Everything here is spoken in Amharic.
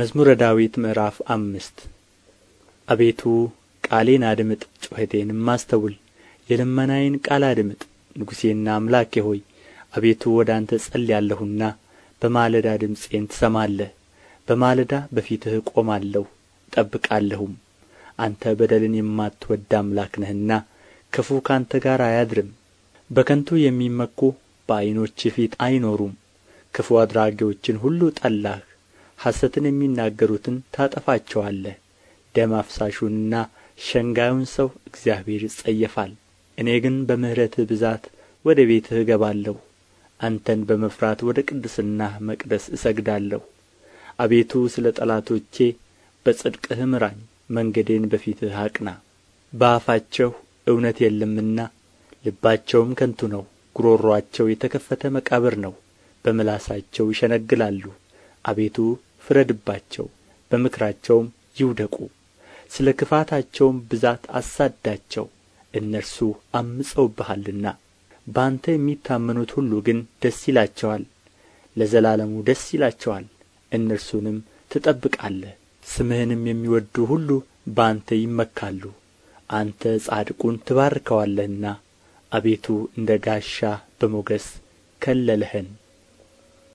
መዝሙረ ዳዊት ምዕራፍ አምስት አቤቱ ቃሌን አድምጥ ጩኸቴንም አስተውል፣ የልመናዬን ቃል አድምጥ። ንጉሴና አምላኬ ሆይ አቤቱ ወደ አንተ ጸልያለሁና በማለዳ ድምፄን ትሰማለህ። በማለዳ በፊትህ እቆማለሁ እጠብቃለሁም። አንተ በደልን የማትወድ አምላክ ነህና ክፉ ካንተ ጋር አያድርም። በከንቱ የሚመኩ በዐይኖች ፊት አይኖሩም። ክፉ አድራጊዎችን ሁሉ ጠላህ ሐሰትን የሚናገሩትን ታጠፋቸዋለህ ደም አፍሳሹንና ሸንጋዩን ሰው እግዚአብሔር ይጸየፋል እኔ ግን በምሕረትህ ብዛት ወደ ቤትህ እገባለሁ አንተን በመፍራት ወደ ቅድስናህ መቅደስ እሰግዳለሁ አቤቱ ስለ ጠላቶቼ በጽድቅህ ምራኝ መንገዴን በፊትህ አቅና በአፋቸው እውነት የለምና ልባቸውም ከንቱ ነው ጉሮሮአቸው የተከፈተ መቃብር ነው በምላሳቸው ይሸነግላሉ አቤቱ ፍረድባቸው በምክራቸውም ይውደቁ ስለ ክፋታቸውም ብዛት አሳዳቸው እነርሱ አምፀውብሃልና። በአንተ የሚታመኑት ሁሉ ግን ደስ ይላቸዋል ለዘላለሙ ደስ ይላቸዋል እነርሱንም ትጠብቃለህ ስምህንም የሚወዱ ሁሉ በአንተ ይመካሉ አንተ ጻድቁን ትባርከዋለህና አቤቱ እንደ ጋሻ በሞገስ ከለለህን።